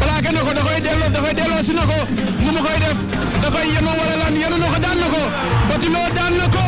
plaqué na ko da koy delloo da koy delloo si na ko nu mu koy def da koy yemoo wala lan yenu na ko daan na ko Batuloo daan na ko.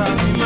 amigos.